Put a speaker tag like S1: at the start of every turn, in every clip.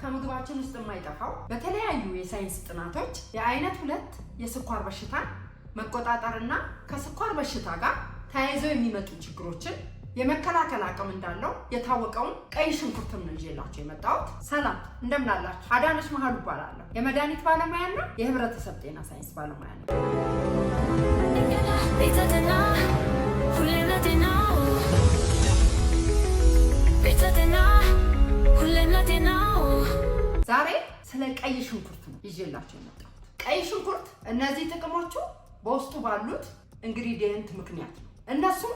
S1: ከምግባችን ውስጥ የማይጠፋው በተለያዩ የሳይንስ ጥናቶች የአይነት ሁለት የስኳር በሽታን መቆጣጠርና ከስኳር በሽታ ጋር ተያይዘው የሚመጡ ችግሮችን የመከላከል አቅም እንዳለው የታወቀውን ቀይ ሽንኩርትም ነው ይዤላቸው የመጣሁት። ሰላም እንደምናላቸው አዳነች መሀሉ እባላለሁ። የመድኃኒት ባለሙያና የህብረተሰብ ጤና ሳይንስ ባለሙያ ነው። ሁሌ ዛሬ ስለ ቀይ ሽንኩርት ነው ይዤላቸው የመጣሁት። ቀይ ሽንኩርት እነዚህ ጥቅሞቹ በውስጡ ባሉት ኢንግሪዲየንት ምክንያት ነው። እነሱም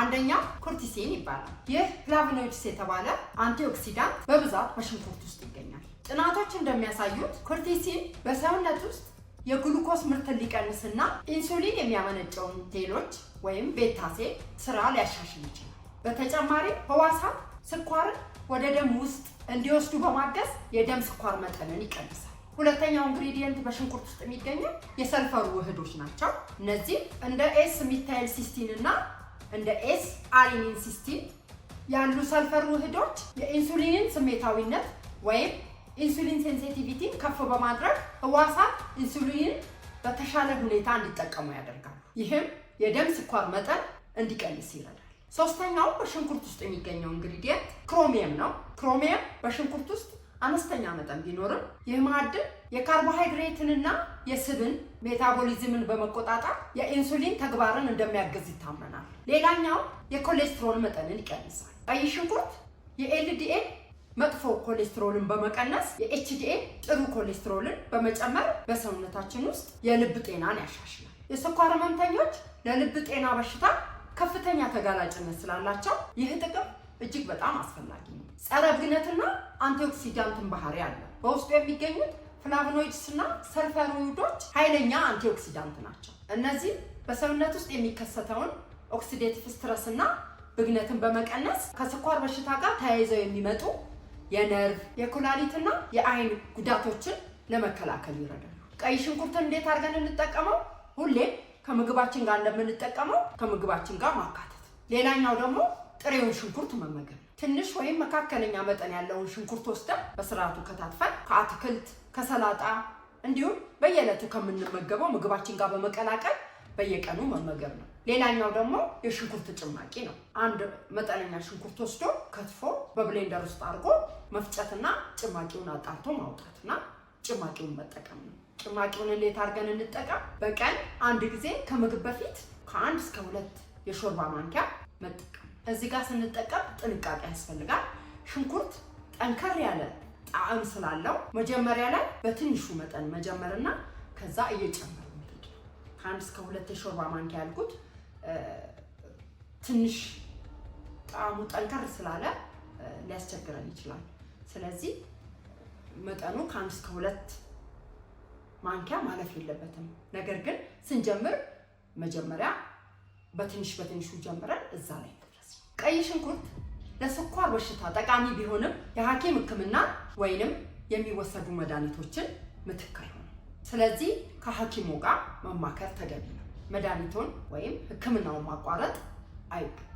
S1: አንደኛ ኮርቲሲን ይባላል። ይህ ፍላቮኖይድስ የተባለ አንቲኦክሲዳንት በብዛት በሽንኩርት ውስጥ ይገኛል። ጥናቶች እንደሚያሳዩት ኮርቲሲን በሰውነት ውስጥ የግሉኮስ ምርትን ሊቀንስና ኢንሱሊን የሚያመነጨውን ቴሎች ወይም ቤታሴ ስራ ሊያሻሽል ይችላል። በተጨማሪም ህዋሳት ስኳርን ወደ ደም ውስጥ እንዲወስዱ በማገዝ የደም ስኳር መጠንን ይቀንሳል። ሁለተኛው ኢንግሪዲየንት በሽንኩርት ውስጥ የሚገኘው የሰልፈር ውህዶች ናቸው። እነዚህ እንደ ኤስ ሚታይል ሲስቲን እና እንደ ኤስ አሪኒን ሲስቲን ያሉ ሰልፈር ውህዶች የኢንሱሊንን ስሜታዊነት ወይም ኢንሱሊን ሴንሲቲቪቲ ከፍ በማድረግ ህዋሳት ኢንሱሊንን በተሻለ ሁኔታ እንዲጠቀሙ ያደርጋል። ይህም የደም ስኳር መጠን እንዲቀንስ ይረዳል። ሶስተኛው በሽንኩርት ውስጥ የሚገኘው ኢንግሪዲየንት ክሮሚየም ነው። ክሮሚየም በሽንኩርት ውስጥ አነስተኛ መጠን ቢኖርም ይህ ማዕድን የካርቦሃይድሬትንና የስብን ሜታቦሊዝምን በመቆጣጠር የኢንሱሊን ተግባርን እንደሚያግዝ ይታመናል። ሌላኛው የኮሌስትሮል መጠንን ይቀንሳል። ቀይ ሽንኩርት የኤልዲኤል መጥፎ ኮሌስትሮልን በመቀነስ የኤችዲኤል ጥሩ ኮሌስትሮልን በመጨመር በሰውነታችን ውስጥ የልብ ጤናን ያሻሽላል። የስኳር ህመምተኞች ለልብ ጤና በሽታ ከፍተኛ ተጋላጭነት ስላላቸው ይህ ጥቅም እጅግ በጣም አስፈላጊ ነው። ጸረ ብግነትና አንቲኦክሲዳንትን ባህሪ አለ። በውስጡ የሚገኙት ፍላቮኖይድስ እና ሰልፈሮይዶች ኃይለኛ አንቲኦክሲዳንት ናቸው። እነዚህ በሰውነት ውስጥ የሚከሰተውን ኦክሲዴቲቭ ስትረስ እና ብግነትን በመቀነስ ከስኳር በሽታ ጋር ተያይዘው የሚመጡ የነርቭ የኩላሊትና የአይን ጉዳቶችን ለመከላከል ይረዳሉ። ቀይ ሽንኩርትን እንዴት አድርገን እንጠቀመው? ሁሌም ከምግባችን ጋር እንደምንጠቀመው ከምግባችን ጋር ማካተት። ሌላኛው ደግሞ ጥሬውን ሽንኩርት መመገብ ትንሽ ወይም መካከለኛ መጠን ያለውን ሽንኩርት ወስደን በስርዓቱ ከታትፈን ከአትክልት ከሰላጣ እንዲሁም በየዕለቱ ከምንመገበው ምግባችን ጋር በመቀላቀል በየቀኑ መመገብ ነው። ሌላኛው ደግሞ የሽንኩርት ጭማቂ ነው። አንድ መጠነኛ ሽንኩርት ወስዶ ከትፎ በብሌንደር ውስጥ አድርጎ መፍጨትና ጭማቂውን አጣርቶ ማውጣትና ጭማቂውን መጠቀም ነው። ጭማቂውን እንዴት አድርገን እንጠቀም? በቀን አንድ ጊዜ ከምግብ በፊት ከአንድ እስከ ሁለት የሾርባ ማንኪያ መጠቀም። እዚህ ጋር ስንጠቀም ጥንቃቄ ያስፈልጋል። ሽንኩርት ጠንከር ያለ ጣዕም ስላለው መጀመሪያ ላይ በትንሹ መጠን መጀመርና ከዛ እየጨመሩ መሄድ ከአንድ እስከ ሁለት የሾርባ ማንኪያ ያልኩት ትንሽ ጣዕሙ ጠንከር ስላለ ሊያስቸግረን ይችላል። ስለዚህ መጠኑ ከአንድ እስከ ሁለት ማንኪያ ማለፍ የለበትም። ነገር ግን ስንጀምር መጀመሪያ በትንሽ በትንሹ ጀምረን እዛ ላይ መድረስ። ቀይ ሽንኩርት ለስኳር በሽታ ጠቃሚ ቢሆንም የሐኪም ሕክምና ወይንም የሚወሰዱ መድኃኒቶችን ምትክ አይሆንም። ስለዚህ ከሐኪሙ ጋር መማከር ተገቢ ነው። መድኃኒቱን ወይም ሕክምናውን ማቋረጥ አይባልም።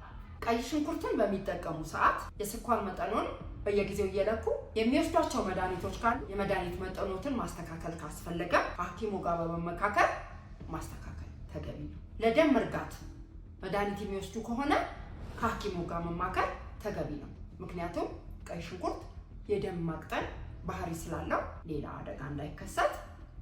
S1: ቀይ ሽንኩርትን በሚጠቀሙ ሰዓት የስኳር መጠኑን በየጊዜው እየለኩ የሚወስዷቸው መድኃኒቶች ካሉ የመድኃኒት መጠኖትን ማስተካከል ካስፈለገ ሐኪሙ ጋር በመመካከል ማስተካከል ተገቢ ነው። ለደም እርጋት መድኃኒት የሚወስዱ ከሆነ ከሐኪሙ ጋር መማከር ተገቢ ነው። ምክንያቱም ቀይ ሽንኩርት የደም ማቅጠን ባህሪ ስላለው ሌላ አደጋ እንዳይከሰት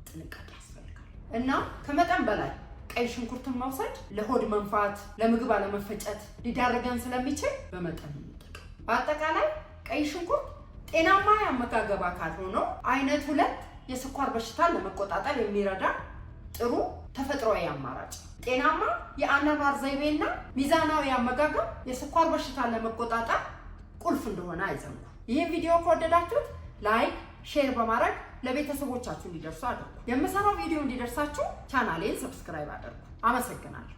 S1: ጥንቃቄ ያስፈልጋል እና ከመጠን በላይ ቀይ ሽንኩርትን መውሰድ ለሆድ መንፋት፣ ለምግብ አለመፈጨት ሊዳርገን ስለሚችል በመጠን እንጠቀም። በአጠቃላይ ቀይ ሽንኩርት ጤናማ የአመጋገብ አካል ሆኖ አይነት ሁለት የስኳር በሽታን ለመቆጣጠር የሚረዳ ጥሩ ተፈጥሯዊ አማራጭ። ጤናማ የአኗኗር ዘይቤና ሚዛናዊ አመጋገብ የስኳር በሽታን ለመቆጣጠር ቁልፍ እንደሆነ አይዘንጉ። ይህ ቪዲዮ ከወደዳችሁት ላይክ፣ ሼር በማድረግ ለቤተሰቦቻችሁ እንዲደርሱ አድርጉ። የምሰራው ቪዲዮ እንዲደርሳችሁ ቻናሌን ሰብስክራይብ አድርጉ። አመሰግናለሁ።